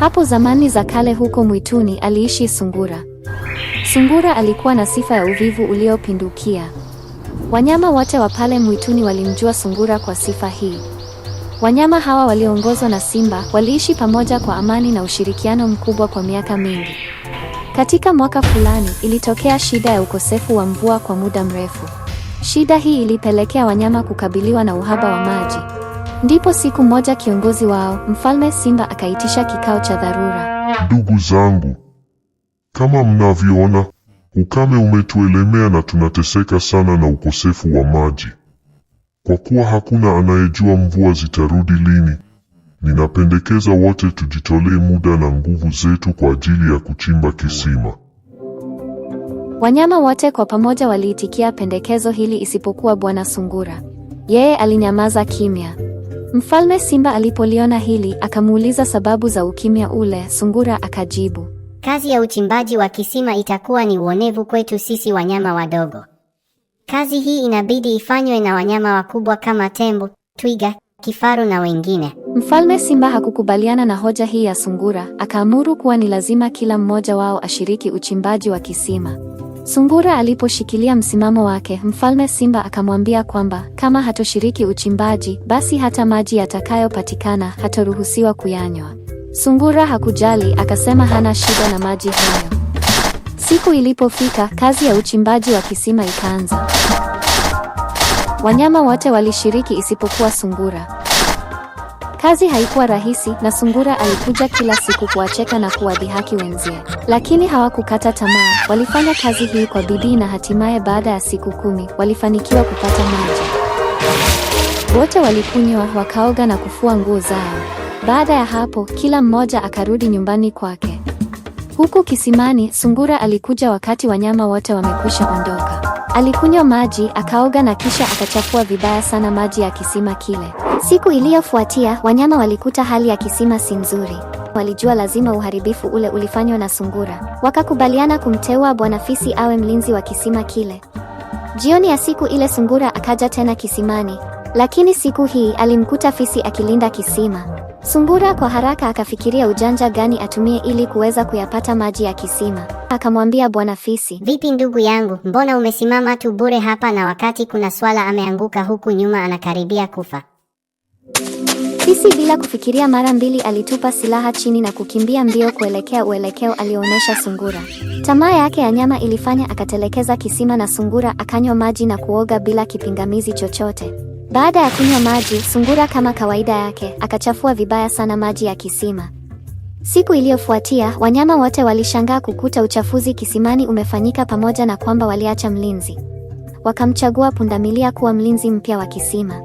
Hapo zamani za kale huko mwituni aliishi Sungura. Sungura alikuwa na sifa ya uvivu uliopindukia. Wanyama wote wa pale mwituni walimjua Sungura kwa sifa hii. Wanyama hawa walioongozwa na Simba waliishi pamoja kwa amani na ushirikiano mkubwa kwa miaka mingi. Katika mwaka fulani ilitokea shida ya ukosefu wa mvua kwa muda mrefu. Shida hii ilipelekea wanyama kukabiliwa na uhaba wa maji. Ndipo siku moja kiongozi wao, Mfalme Simba akaitisha kikao cha dharura. Ndugu zangu, kama mnavyoona, ukame umetuelemea na tunateseka sana na ukosefu wa maji. Kwa kuwa hakuna anayejua mvua zitarudi lini, ninapendekeza wote tujitolee muda na nguvu zetu kwa ajili ya kuchimba kisima. Wanyama wote kwa pamoja waliitikia pendekezo hili isipokuwa Bwana Sungura. Yeye alinyamaza kimya. Mfalme Simba alipoliona hili akamuuliza sababu za ukimya ule. Sungura akajibu, kazi ya uchimbaji wa kisima itakuwa ni uonevu kwetu sisi wanyama wadogo. Kazi hii inabidi ifanywe na wanyama wakubwa kama tembo, twiga, kifaru na wengine. Mfalme Simba hakukubaliana na hoja hii ya Sungura, akaamuru kuwa ni lazima kila mmoja wao ashiriki uchimbaji wa kisima. Sungura aliposhikilia msimamo wake, Mfalme Simba akamwambia kwamba kama hatoshiriki uchimbaji, basi hata maji yatakayopatikana hataruhusiwa kuyanywa. Sungura hakujali, akasema hana shida na maji hayo. Siku ilipofika, kazi ya uchimbaji wa kisima ikaanza. Wanyama wote walishiriki isipokuwa sungura. Kazi haikuwa rahisi na Sungura alikuja kila siku kuwacheka na kuwadhihaki wenzie, lakini hawakukata tamaa. Walifanya kazi hii kwa bidii na hatimaye baada ya siku kumi walifanikiwa kupata maji. Wote walikunywa, wakaoga na kufua nguo zao. Baada ya hapo, kila mmoja akarudi nyumbani kwake. Huku kisimani, Sungura alikuja wakati wanyama wote wamekwisha ondoka. Alikunywa maji, akaoga na kisha akachafua vibaya sana maji ya kisima kile. Siku iliyofuatia, wanyama walikuta hali ya kisima si nzuri. Walijua lazima uharibifu ule ulifanywa na sungura. Wakakubaliana kumteua Bwana Fisi awe mlinzi wa kisima kile. Jioni ya siku ile sungura akaja tena kisimani, lakini siku hii alimkuta fisi akilinda kisima. Sungura kwa haraka akafikiria ujanja gani atumie ili kuweza kuyapata maji ya kisima. Akamwambia bwana fisi, vipi ndugu yangu, mbona umesimama tu bure hapa na wakati kuna swala ameanguka huku nyuma anakaribia kufa? Fisi bila kufikiria mara mbili alitupa silaha chini na kukimbia mbio kuelekea uelekeo alioonesha sungura. Tamaa yake ya nyama ilifanya akatelekeza kisima na sungura akanywa maji na kuoga bila kipingamizi chochote. Baada ya kunywa maji, sungura kama kawaida yake akachafua vibaya sana maji ya kisima. Siku iliyofuatia, wanyama wote walishangaa kukuta uchafuzi kisimani umefanyika pamoja na kwamba waliacha mlinzi. Wakamchagua pundamilia kuwa mlinzi mpya wa kisima.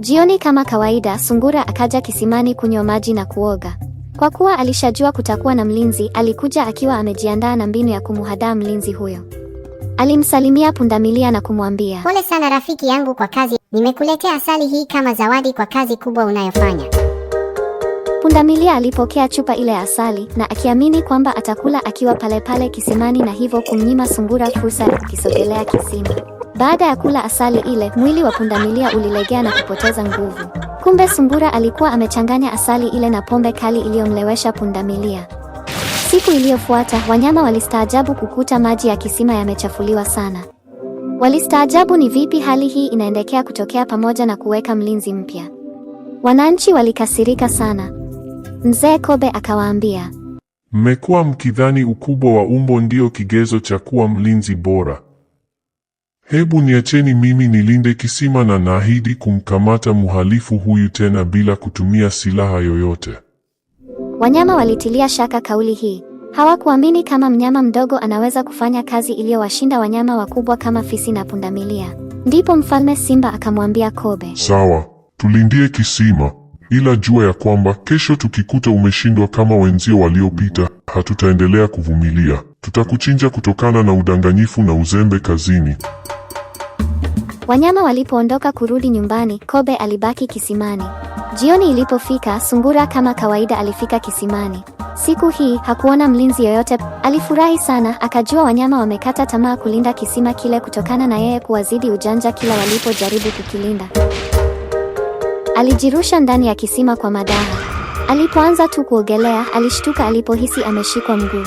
Jioni kama kawaida, sungura akaja kisimani kunywa maji na kuoga. Kwa kuwa alishajua kutakuwa na mlinzi, alikuja akiwa amejiandaa na mbinu ya kumuhadaa mlinzi huyo. Alimsalimia pundamilia na kumwambia, pole sana rafiki yangu kwa kazi. Nimekuletea asali hii kama zawadi kwa kazi kubwa unayofanya. Pundamilia alipokea chupa ile asali na akiamini kwamba atakula akiwa palepale pale kisimani, na hivyo kumnyima sungura fursa ya kukisogelea kisima. Baada ya kula asali ile, mwili wa pundamilia ulilegea na kupoteza nguvu. Kumbe sungura alikuwa amechanganya asali ile na pombe kali iliyomlewesha pundamilia. Siku iliyofuata wanyama walistaajabu kukuta maji ya kisima yamechafuliwa sana. Walistaajabu ni vipi hali hii inaendekea kutokea pamoja na kuweka mlinzi mpya. Wananchi walikasirika sana. Mzee Kobe akawaambia, mmekuwa mkidhani ukubwa wa umbo ndio kigezo cha kuwa mlinzi bora. Hebu niacheni mimi nilinde kisima na naahidi kumkamata mhalifu huyu tena bila kutumia silaha yoyote. Wanyama walitilia shaka kauli hii. Hawakuamini kama mnyama mdogo anaweza kufanya kazi iliyowashinda wanyama wakubwa kama fisi na pundamilia. Ndipo Mfalme Simba akamwambia Kobe, sawa, tulindie kisima, ila jua ya kwamba kesho tukikuta umeshindwa kama wenzio waliopita, hatutaendelea kuvumilia. Tutakuchinja kutokana na udanganyifu na uzembe kazini. Wanyama walipoondoka kurudi nyumbani, Kobe alibaki kisimani. Jioni ilipofika, Sungura kama kawaida alifika kisimani. Siku hii hakuona mlinzi yoyote. Alifurahi sana, akajua wanyama wamekata tamaa kulinda kisima kile kutokana na yeye kuwazidi ujanja kila walipojaribu kukilinda. Alijirusha ndani ya kisima kwa madaha. Alipoanza tu kuogelea, alishtuka alipohisi ameshikwa mguu.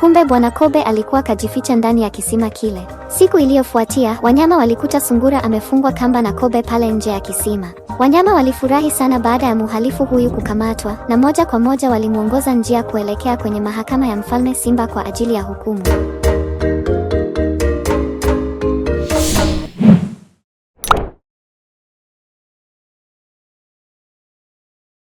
Kumbe Bwana Kobe alikuwa kajificha ndani ya kisima kile. Siku iliyofuatia wanyama walikuta sungura amefungwa kamba na kobe pale nje ya kisima. Wanyama walifurahi sana baada ya muhalifu huyu kukamatwa, na moja kwa moja walimwongoza njia kuelekea kwenye mahakama ya mfalme Simba kwa ajili ya hukumu.